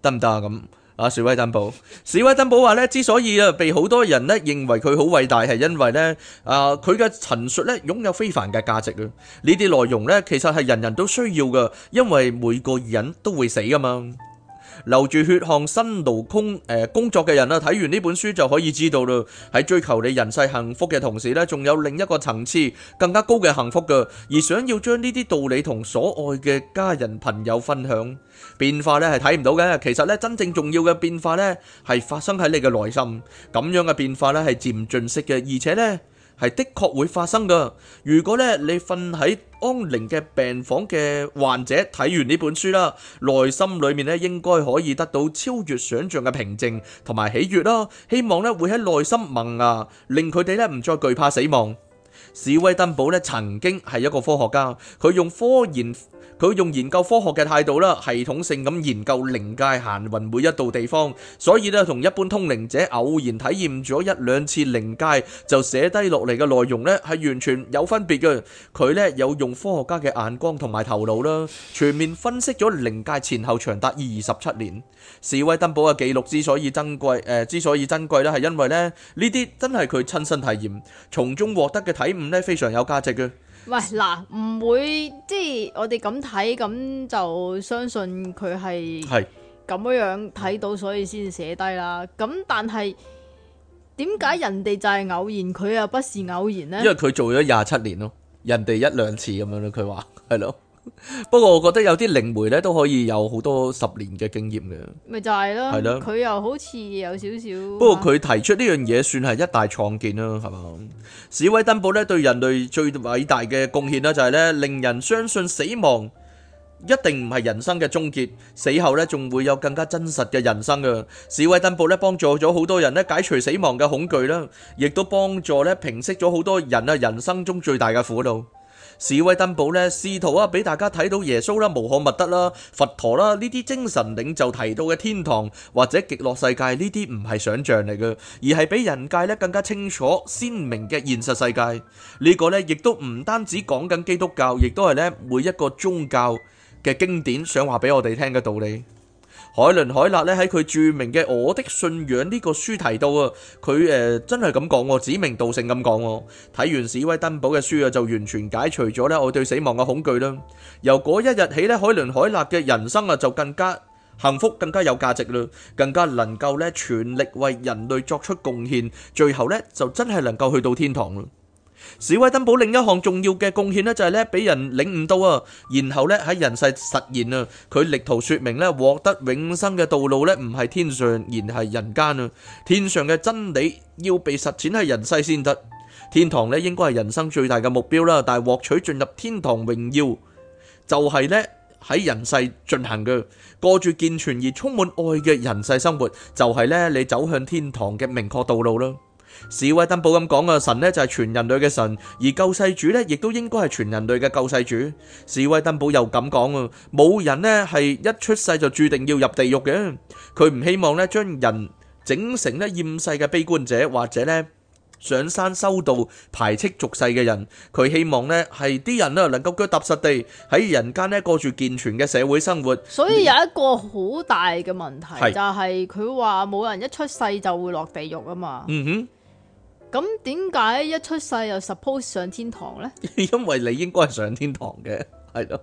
得唔得啊？咁啊，史威登堡，史威登堡話呢，之所以啊被好多人咧認為佢好偉大，係因為呢，啊，佢嘅陳述咧擁有非凡嘅價值啊！呢啲內容呢，其實係人人都需要㗎，因為每個人都會死噶嘛。留住血汗辛勞工誒工作嘅人啦，睇完呢本書就可以知道啦。喺追求你人世幸福嘅同時咧，仲有另一個層次更加高嘅幸福噶。而想要將呢啲道理同所愛嘅家人朋友分享，變化咧係睇唔到嘅。其實咧真正重要嘅變化咧係發生喺你嘅內心。咁樣嘅變化咧係漸進式嘅，而且咧。係的確會發生噶。如果咧你瞓喺安寧嘅病房嘅患者睇完呢本書啦，內心裏面咧應該可以得到超越想象嘅平靜同埋喜悅啦。希望咧會喺內心萌芽，令佢哋咧唔再懼怕死亡。史威登堡咧，曾經係一個科學家，佢用科研，佢用研究科學嘅態度啦，系統性咁研究靈界，行勻每一度地方，所以咧，同一般通靈者偶然體驗咗一兩次靈界就寫低落嚟嘅內容咧，係完全有分別嘅。佢咧有用科學家嘅眼光同埋頭腦啦，全面分析咗靈界前後長達二十七年。史威登堡嘅記錄之所以珍貴，誒、呃，之所以珍貴咧，係因為咧呢啲真係佢親身體驗，從中獲得嘅體悟咧，非常有價值嘅。喂，嗱，唔會即係我哋咁睇，咁就相信佢係係咁樣樣睇到，所以先寫低啦。咁但係點解人哋就係偶然，佢又不是偶然呢？因為佢做咗廿七年咯，人哋一兩次咁樣咯，佢話係咯。不過我覺得有啲靈媒咧都可以有好多十年嘅經驗嘅，咪就係咯，係咯，佢又好似有少少。不過佢提出呢樣嘢算係一大創建啦，係嘛？史威登堡咧對人類最偉大嘅貢獻咧就係咧令人相信死亡一定唔係人生嘅終結，死後咧仲會有更加真實嘅人生嘅。史威登堡咧幫助咗好多人咧解除死亡嘅恐懼啦，亦都幫助咧平息咗好多人啊人生中最大嘅苦惱。史威登堡呢，試圖啊俾大家睇到耶穌啦、穆罕默德啦、佛陀啦呢啲精神領袖提到嘅天堂或者極樂世界呢啲唔係想像嚟嘅，而係比人界呢更加清楚鮮明嘅現實世界。呢、呢個呢，亦都唔單止講緊基督教，亦都係呢每一個宗教嘅經典想話俾我哋聽嘅道理。海倫凱勒咧喺佢著名嘅《我的信仰》呢、這個書提到啊，佢誒、呃、真係咁講喎，指名道姓咁講喎。睇完史威登堡嘅書啊，就完全解除咗咧我對死亡嘅恐懼啦。由嗰一日起咧，海倫凱勒嘅人生啊就更加幸福，更加有價值啦，更加能夠咧全力為人類作出貢獻。最後咧就真係能夠去到天堂啦。史威登堡另一項重要嘅貢獻呢，就係呢俾人領悟到啊，然後呢，喺人世實現啊，佢力圖說明呢，獲得永生嘅道路呢，唔係天上而係人間啊，天上嘅真理要被實踐喺人世先得，天堂呢，應該係人生最大嘅目標啦，但係獲取進入天堂榮耀就係呢，喺人世進行嘅，過住健全而充滿愛嘅人世生活就係呢，你走向天堂嘅明確道路啦。《史威登堡》咁講嘅神呢，就係全人類嘅神，而救世主呢，亦都應該係全人類嘅救世主。史威登堡又咁講啊，冇人呢，係一出世就注定要入地獄嘅，佢唔希望呢，將人整成呢厭世嘅悲觀者，或者呢，上山修道排斥俗世嘅人。佢希望呢係啲人呢能夠腳踏實地喺人間呢，過住健全嘅社會生活。所以有一個好大嘅問題、嗯、是就係佢話冇人一出世就會落地獄啊嘛。嗯哼。咁點解一出世又 suppose 上天堂呢？ 因為你應該係上天堂嘅，係咯。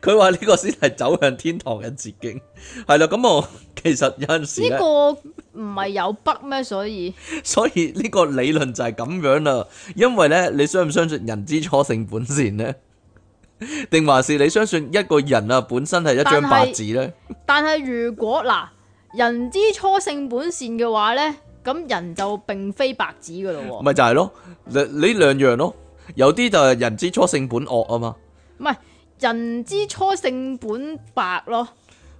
佢話呢個先係走向天堂嘅捷徑，係啦。咁我其實有陣時呢個唔係有筆咩？所以 所以呢個理論就係咁樣啦。因為呢，你相唔相信人之初性本善呢？定 還是你相信一個人啊本身係一張白紙呢？但係如果嗱、呃，人之初性本善嘅話呢。咁人就並非白紙噶咯，咪就係咯，你兩樣咯，有啲就係人之初性本惡啊嘛，唔係人之初性本白咯，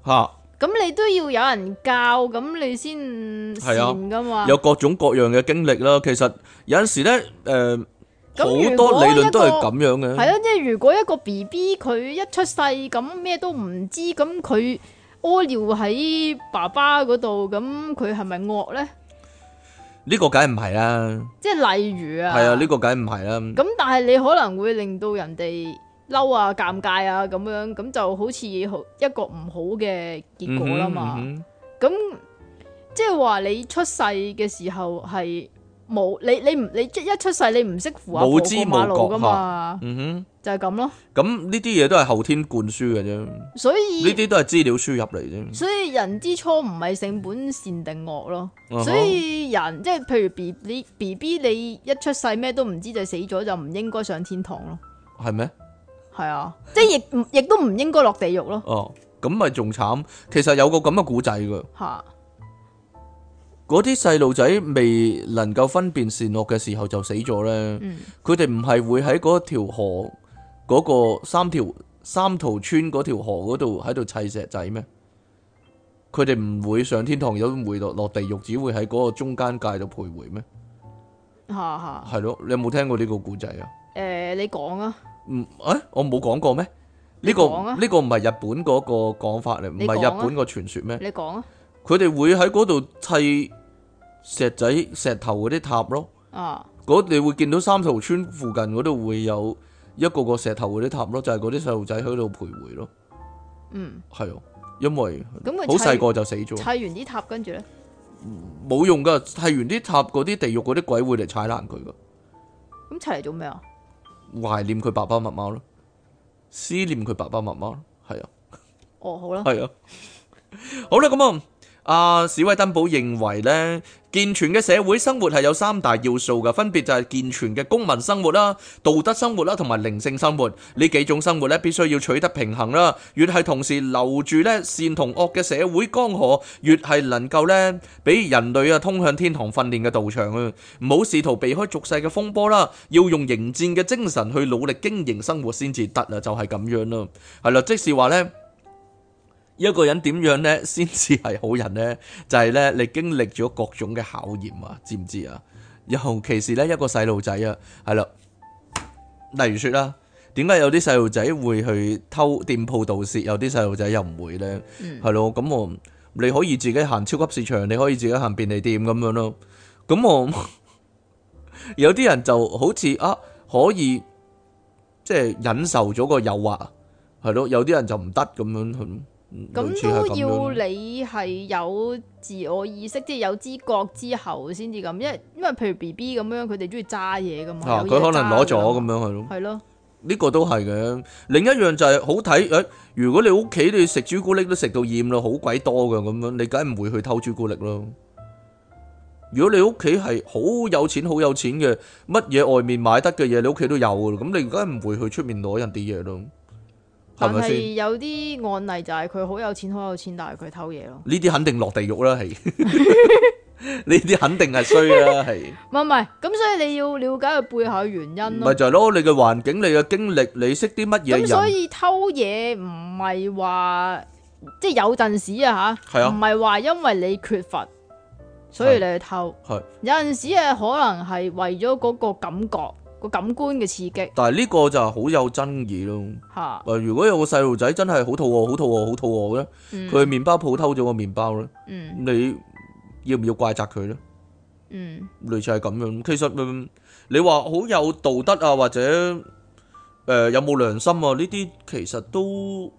吓哈，咁你都要有人教，咁你先善噶嘛，有各種各樣嘅經歷啦。其實有陣時咧，誒、呃，好多理論都係咁樣嘅，係啊，即係如果一個 B B 佢一出世咁咩都唔知，咁佢屙尿喺爸爸嗰度，咁佢係咪惡咧？呢個梗係唔係啦，即係例如啊，係啊，呢個梗唔係啦。咁但係你可能會令到人哋嬲啊、尷尬啊咁樣，咁就好似好一個唔好嘅結果啦嘛。咁即係話你出世嘅時候係。冇你你唔你一出世你唔識扶阿冇知馬路噶嘛，嗯、哼就係咁咯。咁呢啲嘢都係後天灌輸嘅啫。所以呢啲都係資料輸入嚟啫。所以人之初唔係性本善定惡咯。Uh huh. 所以人即係譬如 B 你 B B 你，你一出世咩都唔知就死咗就唔應該上天堂咯。係咩嗎？係啊，即係亦亦都唔應該落地獄咯。哦、uh，咁咪仲慘。其實有個咁嘅古仔噶。 嗰啲細路仔未能夠分辨善惡嘅時候就死咗呢，佢哋唔係會喺嗰條河嗰、嗰個三條三途村嗰條河嗰度喺度砌石仔咩？佢哋唔會上天堂，有冇會落落地獄？只會喺嗰個中間界度徘徊咩？吓吓、啊，係、啊、咯。你有冇聽過呢個古仔、呃、啊？誒、欸，這個、你講啊？誒，我冇講過咩？呢個呢個唔係日本嗰個講法嚟，唔係日本個傳說咩？你講啊？佢哋會喺嗰度砌石仔、石頭嗰啲塔咯，嗰你會見到三十號村附近嗰度會有一個個石頭嗰啲塔咯，就係嗰啲細路仔喺度徘徊咯。嗯，係什啊麼事，因為好細個就死咗。砌完啲塔跟住咧，冇用噶，砌完啲塔，嗰啲地獄嗰啲鬼會嚟踩爛佢噶。咁砌嚟做咩啊？懷念佢爸爸媽媽咯，思念佢爸爸媽媽咯，係啊。哦，好啦，係啊是的， 好啦，咁啊。啊，史威登堡認為呢，健全嘅社會生活係有三大要素嘅，分別就係健全嘅公民生活啦、道德生活啦同埋靈性生活呢幾種生活呢，必須要取得平衡啦。越係同時留住呢善同惡嘅社會江河，越係能夠呢俾人類啊通向天堂訓練嘅道場啊。唔好試圖避開俗世嘅風波啦，要用迎戰嘅精神去努力經營生活先至得啦。就係咁樣咯，係啦，即是話呢。一個人點樣呢？先至係好人呢？就係呢，你經歷咗各種嘅考驗啊，知唔知啊？尤其是呢一個細路仔啊，係啦。例如說啦，點解有啲細路仔會去偷店鋪盜竊，有啲細路仔又唔會呢？係咯、嗯？咁我你可以自己行超級市場，你可以自己行便利店咁樣咯。咁我 有啲人就好似啊，可以即係忍受咗個誘惑，係咯？有啲人就唔得咁樣。咁都要你係有自我意識，即係有知覺之後先至咁，因為因為譬如 B B 咁樣，佢哋中意揸嘢噶嘛，佢、啊啊、可能攞咗咁樣係咯，係咯，呢個都係嘅。嗯、另一樣就係好睇，誒、呃，如果你屋企你食朱古力都食到厭咯，好鬼多噶咁樣，你梗係唔會去偷朱古力咯。如果你屋企係好有錢，好有錢嘅，乜嘢外面買得嘅嘢，你屋企都有噶，咁你梗係唔會去出面攞人啲嘢咯。但係有啲案例就係佢好有錢，好有錢，但係佢偷嘢咯。呢啲肯定落地獄啦，係。呢 啲 肯定係衰啦，係。唔係，唔係，咁所以你要了解佢背後嘅原因咯。咪就係咯，你嘅環境，你嘅經歷，你識啲乜嘢人。咁所以偷嘢唔係話，即係有陣時啊吓，係。唔係話因為你缺乏，所以你去偷。係。有陣時啊，可能係為咗嗰個感覺。個感官嘅刺激，但係呢個就好有爭議咯。吓哈，誒，如果有個細路仔真係好肚餓，好肚餓，好肚餓咧，佢去麵包鋪偷咗個麵包咧，嗯、你要唔要怪責佢咧？嗯，類似係咁樣。其實、嗯、你話好有道德啊，或者？誒，有冇良心啊？呢啲其實都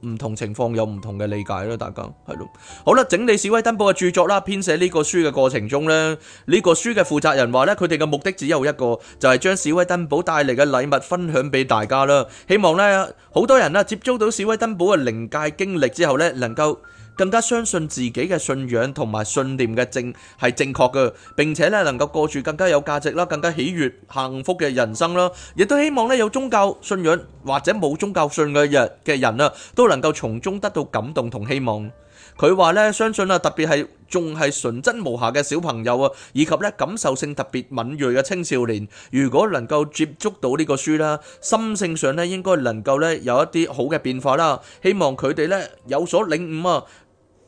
唔同情況有唔同嘅理解咯，大家係咯。好啦，整理史威登堡嘅著作啦，編寫呢個書嘅過程中咧，呢個書嘅負責人話咧，佢哋嘅目的只有一個，就係將史威登堡帶嚟嘅禮物分享俾大家啦。希望咧，好多人啦接觸到史威登堡嘅靈界經歷之後咧，能夠更加相信自己嘅信仰同埋信念嘅正係正確嘅，並且咧能夠過住更加有價值啦、更加喜悅幸福嘅人生啦，亦都希望咧有宗教信仰或者冇宗教信仰嘅人嘅人啊，都能夠從中得到感動同希望。佢話咧，相信啊，特別係仲係純真無瑕嘅小朋友啊，以及咧感受性特別敏銳嘅青少年，如果能夠接觸到呢個書啦，心性上咧應該能夠咧有一啲好嘅變化啦。希望佢哋咧有所領悟啊！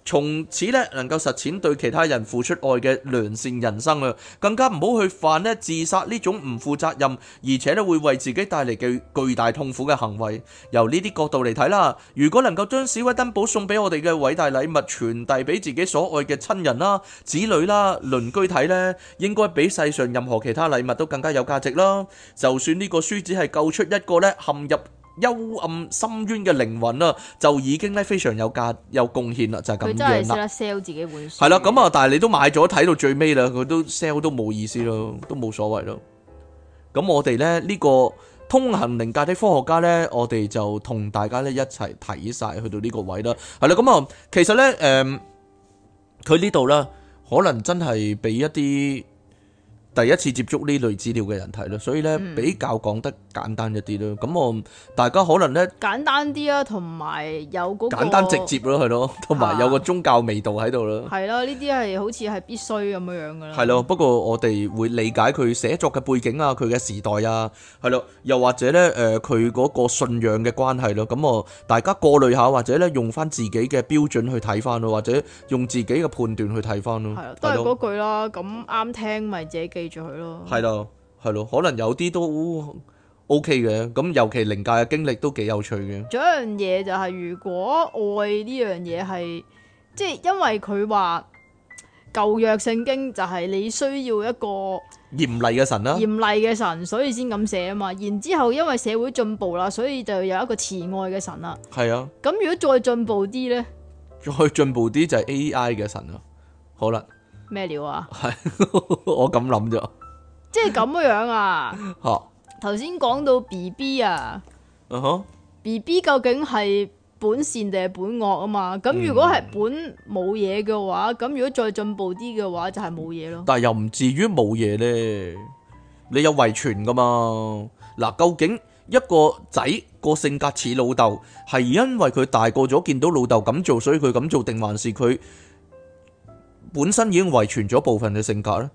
從此咧，能夠實踐對其他人付出愛嘅良善人生啦，更加唔好去犯咧自殺呢種唔負責任，而且咧會為自己帶嚟嘅巨大痛苦嘅行為。由呢啲角度嚟睇啦，如果能夠將史威登堡送俾我哋嘅偉大禮物傳遞俾自己所愛嘅親人啦、子女啦、鄰居睇咧，應該比世上任何其他禮物都更加有價值啦。就算呢個書只係救出一個咧，陷入幽暗深淵嘅靈魂啦，就已經咧非常有價有貢獻啦，就係、是、咁樣啦。佢真係 sell 自己本書。係啦，咁啊，但係你都買咗睇到最尾啦，佢都 sell 都冇意思咯，都冇所謂咯。咁我哋咧呢、這個通行靈界的科學家咧，我哋就同大家咧一齊睇晒去到呢個位啦。係啦，咁啊，其實咧，誒、呃，佢呢度啦，可能真係畀一啲。第一次接觸呢類資料嘅人睇咯，所以咧比較講得簡單一啲咯。咁我大家可能咧簡單啲啊，同埋有嗰個簡單直接咯，係咯，同埋有個宗教味道喺度咯。係咯，呢啲係好似係必須咁樣樣㗎啦。係咯，不過我哋會理解佢寫作嘅背景啊，佢嘅時代啊，係咯，又或者咧誒佢嗰個信仰嘅關係咯。咁我大家過濾下，或者咧用返自己嘅標準去睇返咯，或者用自己嘅判斷去睇返咯。係啊，都係嗰句啦。咁啱聽咪自己。記住佢咯，係啦，係咯，可能有啲都 O K 嘅，咁尤其靈界嘅經歷都幾有趣嘅。仲有一樣嘢就係，如果愛呢樣嘢係，即係因為佢話舊約聖經就係你需要一個嚴厲嘅神啦，嚴厲嘅神，所以先咁寫啊嘛。然之後因為社會進步啦，所以就有一個慈愛嘅神啦。係啊。咁如果再進步啲呢？再進步啲就係 A I 嘅神咯，好啦。咩料啊？係 我咁諗啫，即係咁樣啊！吓、 啊，頭先講到 B B 啊，B B 究竟係本善定係本惡啊嘛，咁如果係本冇嘢嘅話，咁、嗯、如果再進步啲嘅話，就係冇嘢咯。但係又唔至於冇嘢呢，你有遺傳噶嘛？嗱，究竟一個仔個性格似老豆，係因為佢大個咗見到老豆咁做，所以佢咁做，定還是佢？本身已經遺傳咗部分嘅性格咧，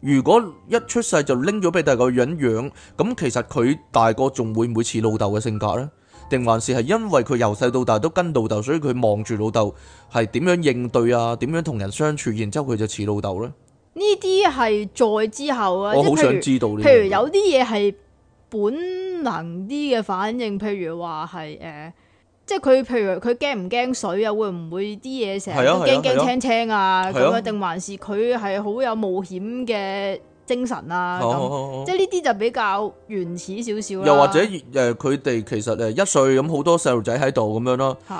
如果一出世就拎咗俾第二個人養養，咁其實佢大個仲會唔會似老豆嘅性格咧？定還是係因為佢由細到大都跟老豆，所以佢望住老豆係點樣應對啊，點樣同人相處，然之後佢就似老豆呢？呢啲係再之後啊，我好想知道。譬如，譬如有啲嘢係本能啲嘅反應，譬如話係誒。呃即係佢，譬如佢驚唔驚水啊？會唔會驚驚青青啊？會唔會啲嘢成日驚驚青青啊？咁啊，定、啊咁樣啊、還是佢係好有冒險嘅精神啊？即係呢啲就比較原始少少啦。又或者誒，呃、佢哋其實誒一歲咁好多細路仔喺度咁樣咯。咁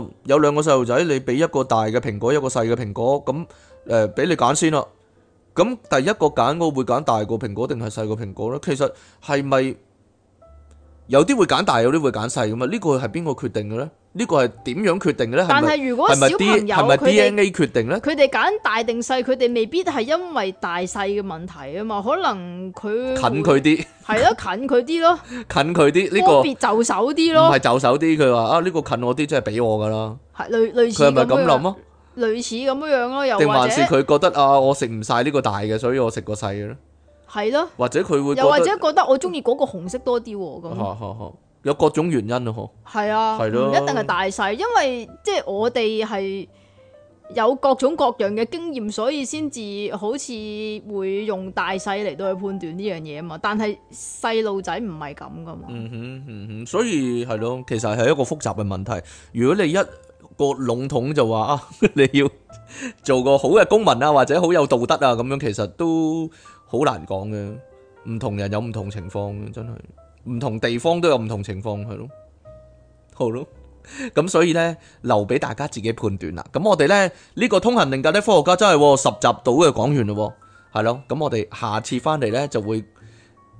啊，有兩個細路仔，你俾一個大嘅蘋果，一個細嘅蘋果，咁誒俾你揀先啦。咁第一個揀，我會揀大個蘋果定係細個蘋果咧？其實係咪？有啲會揀大，有啲會揀細咁啊！呢個係邊個決定嘅咧？呢個係點樣決定嘅咧？係咪，但係如果小朋友係咪 DNA 決定咧，佢哋揀大定細，佢哋未必係因為大細嘅問題啊嘛，可能佢近佢啲，係咯，近佢啲咯， 近佢啲呢個，特別就手啲咯，唔係就手啲，佢話啊，呢個近我啲，即係俾我噶啦，係類類似係咪咁諗咯，類似咁樣樣咯，又定還是佢覺得啊，我食唔晒呢個大嘅，所以我食個細嘅咯。係咯，或者佢會又或者覺得我中意嗰個紅色多啲咁，吓吓吓，有各種原因咯嗬。係 啊，係咯、啊，唔一定係大細，因為即係我哋係有各種各樣嘅經驗，所以先至好似會用大細嚟到去判斷呢樣嘢啊嘛。但係細路仔唔係咁噶嘛。嗯哼嗯哼，所以係咯，其實係一個複雜嘅問題。如果你一個籠統就話啊， 你要做個好嘅公民啊，或者好有道德啊咁樣，其實都。好難講嘅，唔同人有唔同情況嘅，真係唔同地方都有唔同情況，係咯，好咯，咁所以呢，留俾大家自己判斷啦。咁我哋呢，呢、這個通行靈界嘅呢科學家真係十集到嘅，講完咯，係咯，咁我哋下次翻嚟呢，就會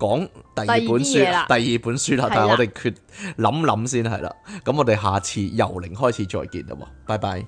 講第二本書，第二，第二本書啦，的但係我哋決諗諗先係啦。咁我哋下次由零開始再見啦，拜拜。